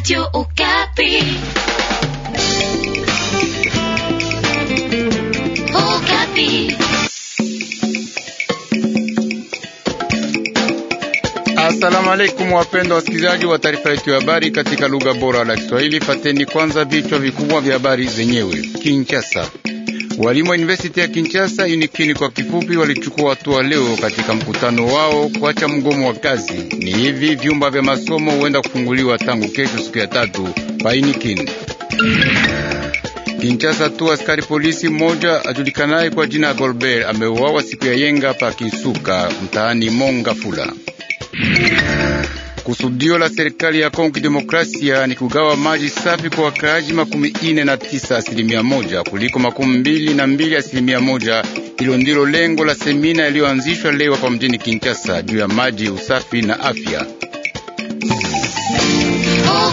Radio Okapi. Okapi. Asalamu alaykum wapendwa wasikilizaji wa taarifa yetu ya habari katika lugha bora la Kiswahili. fateni kwanza vichwa vikubwa vya habari zenyewe. Kinshasa. Walimu wa University ya Kinshasa UNIKIN kwa kifupi walichukua hatua leo katika mkutano wao kuacha mgomo wa kazi. Ni hivi vyumba vya masomo huenda kufunguliwa tangu kesho siku ya tatu pa UNIKIN. Kinshasa tu askari polisi mmoja ajulikanaye kwa jina ya Golbert ameuawa siku ya yenga pa Kisuka mtaani Mongafula. Kusudio la serikali ya Kongo Kidemokrasia ni kugawa maji safi kwa wakaaji makumi ine na tisa asilimia moja kuliko makumi mbili na mbili asilimia moja. Hilo ndilo lengo la semina iliyoanzishwa leo hapa mjini Kinshasa juu ya maji, usafi na afya. Oh,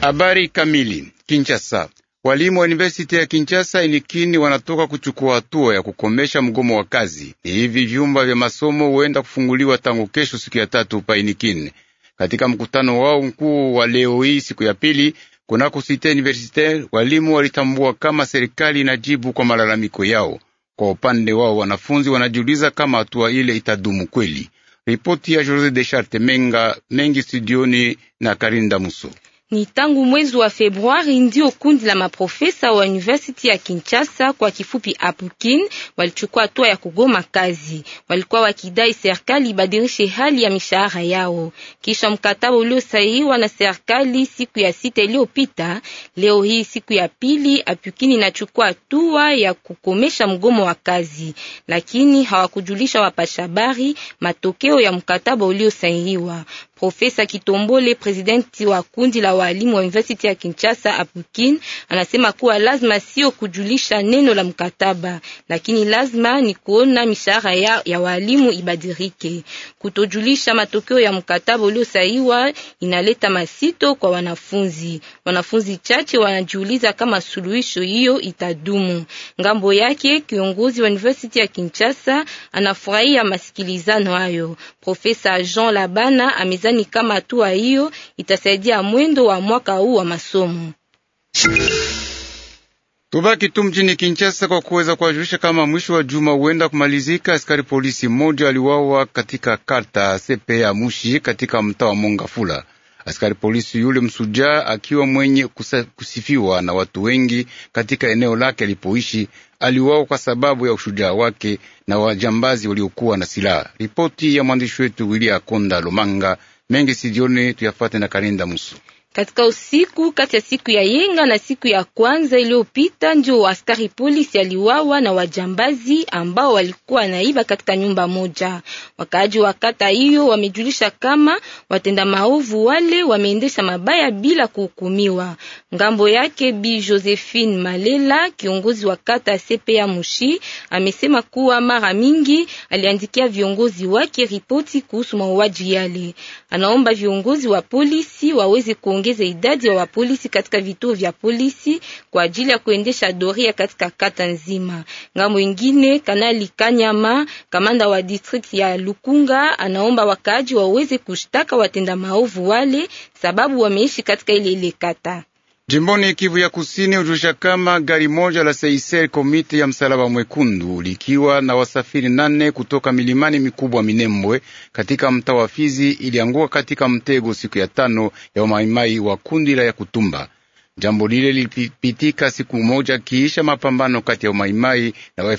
Habari kamili Kinshasa. Walimu wa university ya Kinshasa inikini wanatoka kuchukua hatua ya kukomesha mgomo wa kazi. Hivi vyumba vya masomo huenda kufunguliwa tangu kesho, siku ya tatu pa inikini. Katika mkutano wao mkuu wa leo hii, siku ya pili kunako site universitaire, walimu walitambua kama serikali inajibu kwa malalamiko yao. Kwa upande wao, wanafunzi wanajiuliza kama hatua ile itadumu kweli. Ripoti ya Jose de Charte Menga Mengi, studioni na Karinda Muso. Ni tangu mwezi wa Februari ndio kundi la maprofesa wa University ya Kinshasa kwa kifupi APUKIN walichukua hatua ya kugoma kazi. Walikuwa wakidai serikali ibadilishe hali ya mishahara yao. Kisha mkataba uliosahihiwa na serikali siku ya sita iliyopita, leo hii siku ya pili APUKIN inachukua hatua ya kukomesha mgomo wa kazi, lakini hawakujulisha wapashabari matokeo ya mkataba uliosahihiwa. Profesa Kitombole, presidenti wa kundi la walimu wa University ya Kinshasa Apukin, anasema kuwa lazima sio kujulisha neno la mkataba, lakini lazima ni kuona mishahara ya, ya walimu ibadirike. Kutojulisha matokeo ya mkataba uliosaiwa inaleta masito kwa wanafunzi. Wanafunzi chache wanajiuliza kama suluhisho hiyo itadumu. Ngambo yake kiongozi wa University ya Kinshasa anafurahia masikilizano hayo. Profesa Jean Labana ameza Nadhani kama hatua hiyo itasaidia mwendo wa mwaka huu wa masomo. Tubaki tu mjini Kinshasa kwa kuweza kuwajulisha kama mwisho wa juma huenda kumalizika, askari polisi mmoja aliwawa katika karta sepe ya Mushi katika mtaa wa Mongafula. Askari polisi yule msujaa akiwa mwenye kusifiwa na watu wengi katika eneo lake alipoishi, aliwawa kwa sababu ya ushujaa wake na wajambazi waliokuwa na silaha. Ripoti ya mwandishi wetu Wilia Konda lomanga mengi sijione tuyafate na kalenda musu katika usiku kati ya siku ya yenga na siku ya kwanza iliyopita, ndio askari polisi aliwawa na wajambazi ambao walikuwa naiba katika nyumba moja. Wakaaji wa kata hiyo wamejulisha kama watenda maovu wale wameendesha mabaya bila kuhukumiwa. Ngambo yake, Bi Josephine Malela, kiongozi wa kata sepe ya Mushi, amesema kuwa mara mingi aliandikia viongozi wake ripoti kuhusu mauaji yale. Anaomba viongozi wa polisi waweze ku kuongeza idadi ya wapolisi katika vituo vya polisi kwa ajili ya kuendesha doria katika kata nzima. Ngambo ingine, Kanali Kanyama, kamanda wa district ya Lukunga, anaomba wakaaji waweze kushtaka watenda maovu wale, sababu wameishi katika ile ile kata. Jimboni Kivu ya Kusini hujulisha kama gari moja la seiseri komite ya msalaba mwekundu likiwa na wasafiri nane kutoka milimani mikubwa Minembwe katika mtaa wa Fizi ilianguka katika mtego siku ya tano ya wamaimai wa kundi la ya Kutumba. Jambo lile lilipitika siku moja kiisha mapambano kati ya wamaimai na wa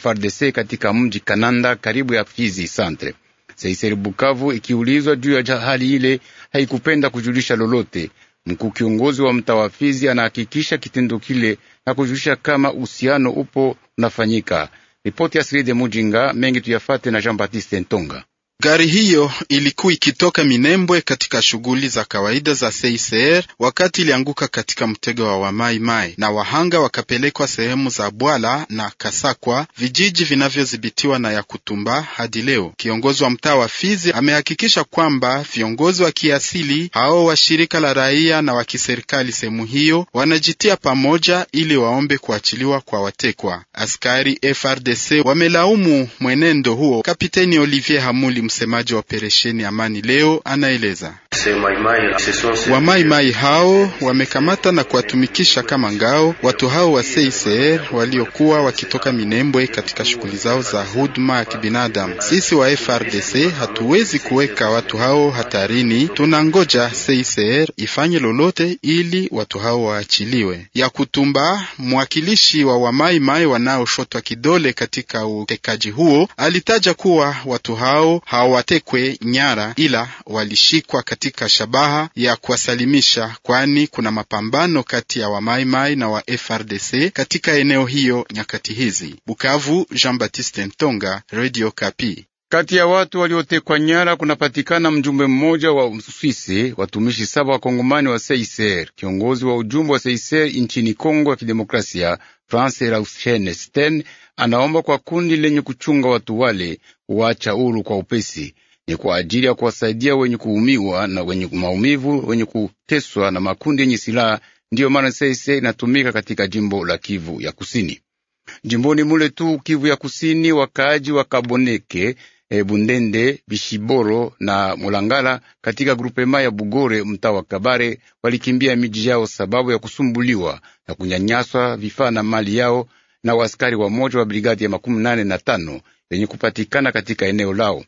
katika mji Kananda karibu ya Fizi Centre. seiseri Bukavu ikiulizwa juu ya hali ile haikupenda kujulisha lolote. Mkuu kiongozi wa mtaa wa Fizi anahakikisha kitendo kile na kujulisha kama uhusiano upo unafanyika. Ripoti ya Siride Mujinga mengi tuyafate na Jean Baptiste Ntonga. Gari hiyo ilikuwa ikitoka Minembwe katika shughuli za kawaida za CICR wakati ilianguka katika mtego wa mai, na wahanga wakapelekwa sehemu za Bwala na Kasakwa, vijiji vinavyodhibitiwa na Yakutumba hadi leo. Kiongozi wa mtaa wa Fizi amehakikisha kwamba viongozi wa kiasili hao wa shirika la raia na wa kiserikali sehemu hiyo wanajitia pamoja ili waombe kuachiliwa kwa watekwa. Askari FRDC wamelaumu mwenendo huo. Kapiteni Olivier Hamuli Msemaji wa operesheni Amani leo anaeleza Wamaimai hao wamekamata na kuwatumikisha kama ngao watu hao wa CICR waliokuwa wakitoka Minembwe katika shughuli zao za huduma ya kibinadamu. Sisi wa FRDC hatuwezi kuweka watu hao hatarini, tunangoja CICR ifanye lolote ili watu hao waachiliwe. Ya kutumba mwakilishi wa wamaimai wanaoshotwa kidole katika utekaji huo alitaja kuwa watu hao hawatekwe nyara, ila walishikwa katika katika shabaha ya kuwasalimisha, kwani kuna mapambano kati ya wamaimai na wa FRDC katika eneo hiyo nyakati hizi. Bukavu, Jean Baptiste Ntonga, Radio Kapi. Kati ya watu waliotekwa nyara kunapatikana mjumbe mmoja wa Uswisi, watumishi saba wakongomani wa Seiser, Kiongozi wa ujumbe wa Seiser nchini Kongo ya Kidemokrasia, France Rauchenesten, anaomba kwa kundi lenye kuchunga watu wale kuwacha huru kwa upesi ni kwa ajili ya kuwasaidia wenye kuumiwa na wenye maumivu, wenye kuteswa na makundi yenye silaha. Ndiyo maana seisei inatumika katika jimbo la Kivu ya Kusini. Jimboni mule tu Kivu ya Kusini, wakaaji wa Kaboneke, e, Bundende, Bishiboro na Mulangala katika grupema ya Bugore, mtaa wa Kabare, walikimbia miji yao sababu ya kusumbuliwa na kunyanyaswa vifaa na mali yao na waskari wa moja wa brigadi ya makumi nane na tano yenye kupatikana katika eneo lao.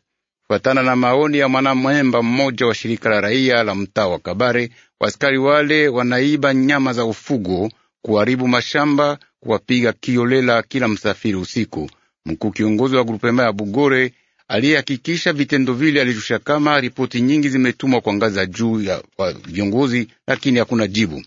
Kufuatana na maoni ya mwanamemba mmoja wa shirika la raia la mtaa wa Kabare, waskari wale wanaiba nyama za ufugo, kuharibu mashamba, kuwapiga kiolela kila msafiri usiku. Mkuu kiongozi wa grupema ya Bugore aliyehakikisha vitendo vile alijulisha kama ripoti nyingi zimetumwa kwa ngazi za juu ya viongozi, lakini hakuna jibu.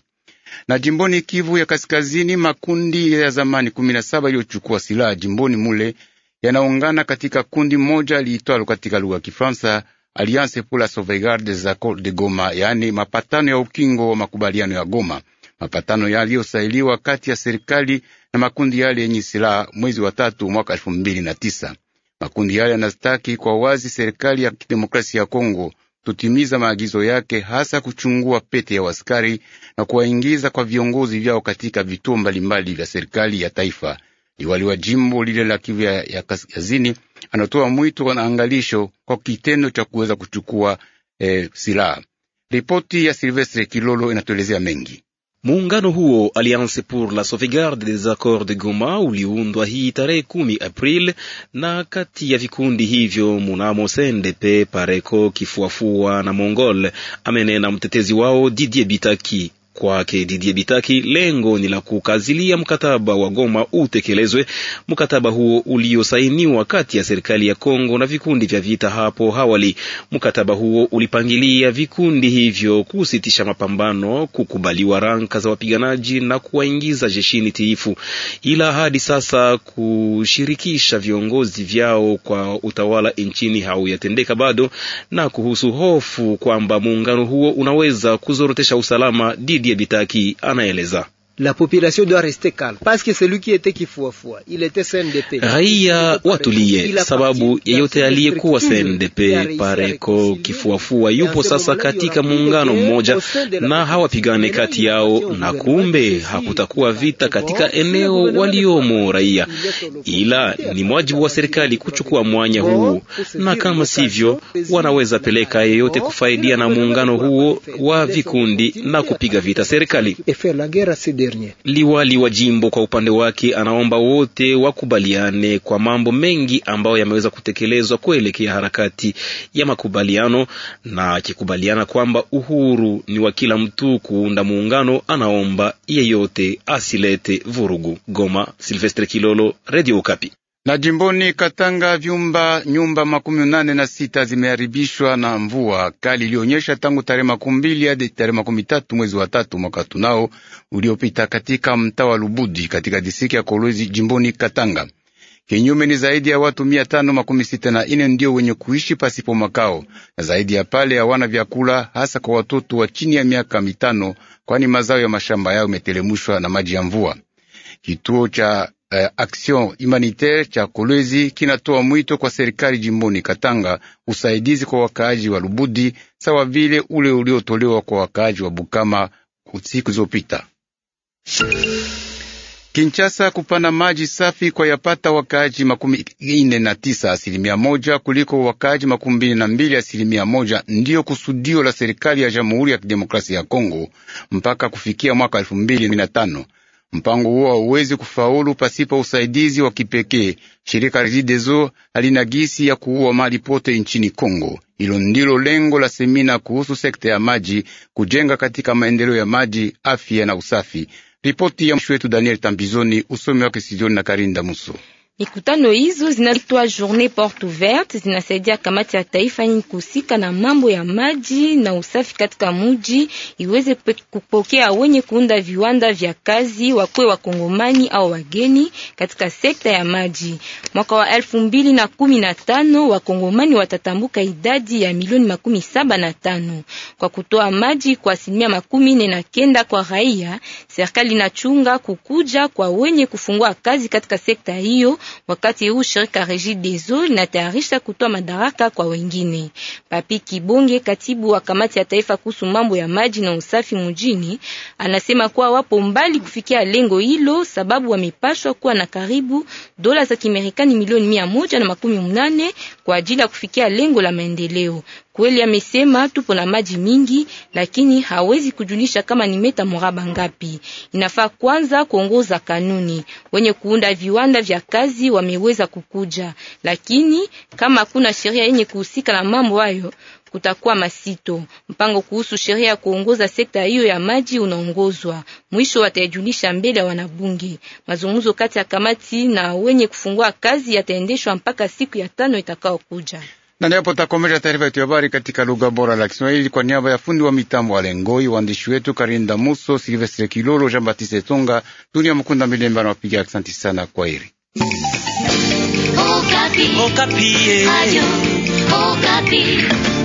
Na jimboni Kivu ya Kaskazini, makundi ya zamani kumi na saba iliyochukua silaha jimboni mule yanaungana katika kundi moja liitwalo katika lugha ya Kifaransa Alliance pour la Sauvegarde des Accords de Goma, yaani mapatano ya ukingo wa makubaliano ya Goma, mapatano yaliyosailiwa kati ya serikali na makundi yale yenye silaha mwezi wa tatu mwaka elfu mbili na tisa. Makundi yale yanastaki kwa wazi serikali ya kidemokrasia ya Kongo tutimiza maagizo yake, hasa kuchungua pete ya waskari na kuwaingiza kwa viongozi vyao katika vituo mbalimbali vya serikali ya taifa. Liwali wa jimbo lile la Kivu ya Kaskazini anatoa mwito na angalisho kwa kitendo cha kuweza kuchukua eh, silaha. Ripoti ya Silvestre Kilolo inatuelezea mengi. Muungano huo Alliance pour la sauvegarde des accords de Goma uliundwa hii tarehe kumi April na kati ya vikundi hivyo munamo CNDP, Pareko, kifuafua na Mongol, amenena mtetezi wao Didier Bitaki kwake Didier Bitaki, lengo ni la kukazilia mkataba wa Goma utekelezwe. Mkataba huo uliosainiwa kati ya serikali ya Kongo na vikundi vya vita hapo awali. Mkataba huo ulipangilia vikundi hivyo kusitisha mapambano, kukubaliwa ranka za wapiganaji na kuwaingiza jeshini tiifu, ila hadi sasa kushirikisha viongozi vyao kwa utawala nchini hauyatendeka bado, na kuhusu hofu kwamba muungano huo unaweza kuzorotesha usalama dhidi Didier Bitaki anaeleza. La population doit rester calme parce que celui qui était kifuafua il était CNDP. Raia watulie, sababu yeyote aliyekuwa CNDP pareko kifuafua yupo sasa katika muungano mmoja, na hawapigane kati yao, na kumbe hakutakuwa vita katika eneo waliomo raia, ila ni mwajibu wa serikali kuchukua mwanya huu, na kama sivyo, wanaweza peleka yeyote kufaidia na muungano huo wa vikundi na kupiga vita serikali. Liwali wa jimbo kwa upande wake anaomba wote wakubaliane kwa mambo mengi ambayo yameweza kutekelezwa kuelekea harakati ya makubaliano, na akikubaliana kwamba uhuru ni wa kila mtu kuunda muungano, anaomba yeyote asilete vurugu. Goma, Silvestre Kilolo, Radio Okapi. Na jimboni Katanga, vyumba nyumba makumi nane na sita zimeharibishwa na mvua kali ilionyesha tangu tarehe makumi mbili hadi tarehe makumi tatu mwezi wa tatu mwaka tunao uliopita katika mtaa wa Lubudi katika disiki ya Kolwezi jimboni Katanga. Kinyume ni zaidi ya watu mia tano makumi sita na ine ndio wenye kuishi pasipo makao, na zaidi ya pale hawana vyakula, hasa kwa watoto wa chini ya miaka mitano, kwani mazao ya mashamba yao imetelemushwa na maji ya mvua. Kituo cha eh, Action Humanitaire cha Kolwezi kinatoa mwito kwa serikali jimboni Katanga usaidizi kwa wakaaji wa Lubudi sawa vile ule uliotolewa kwa wakaaji wa Bukama siku zilizopita. Kinshasa kupana maji safi kwa yapata wakaaji makumi ine na tisa asilimia moja kuliko wakaaji makumi mbili na mbili asilimia moja ndiyo kusudio la serikali ya Jamhuri ya Kidemokrasia ya Kongo mpaka kufikia mwaka elfu mbili na tano. Mpango huo hauwezi kufaulu pasipo usaidizi wa kipekee. Shirika Regideso halina gisi ya kuua mali pote nchini Kongo. Hilo ndilo lengo la semina kuhusu sekta ya maji, kujenga katika maendeleo ya maji, afya na usafi. Ripoti ya mshwetu wetu Daniel Tambizoni, usomi wake Sidioni na Karinda Muso. Mikutano hizo zinatoa journée porte ouverte, zinasaidia kamati ya taifa yenye kuhusika na mambo ya maji na usafi katika muji iweze kupokea wenye kuunda viwanda vya kazi wakwe kongomani au wageni katika sekta ya maji. Mwaka wa elfu mbili na kumi na tano wakongomani watatambuka idadi ya milioni makumi saba na tano kwa kutoa maji kwa asilimia makumi nne na kenda kwa raia. Serikali inachunga kukuja kwa wenye kufungua kazi katika sekta hiyo Wakati huu shirika Regideso linatayarisha kutoa madaraka kwa wengine. Papi Kibonge, katibu wa kamati ya taifa kuhusu mambo ya maji na usafi mjini, anasema kuwa wapo mbali kufikia lengo hilo, sababu wamepashwa kuwa na karibu dola za Kimerekani milioni mia moja na makumi mnane kwa ajili ya kufikia lengo la maendeleo. Kweli amesema tupo na maji mingi, lakini hawezi kujulisha kama ni meta mraba ngapi. Inafaa kwanza kuongoza kanuni. Wenye kuunda viwanda vya kazi wameweza kukuja, lakini kama hakuna sheria yenye kuhusika na mambo hayo kutakuwa masito. Mpango kuhusu sheria ya kuongoza sekta hiyo ya maji unaongozwa, mwisho watajulisha mbele ya wanabunge. Mazungumzo kati ya kamati na wenye kufungua kazi yataendeshwa mpaka siku ya tano itakao kuja na ndipo takomesha taarifa yetu ya habari katika lugha bora la Kiswahili kwa niaba ya fundi wa mitambo wa Lengoi, waandishi wetu Karinda Muso, Silvestre Kilolo, Jean Baptiste Tonga, Dunia Mkunda Milemba na wapiga. Asante sana, kwaheri. Okapi. Okapi. Eh.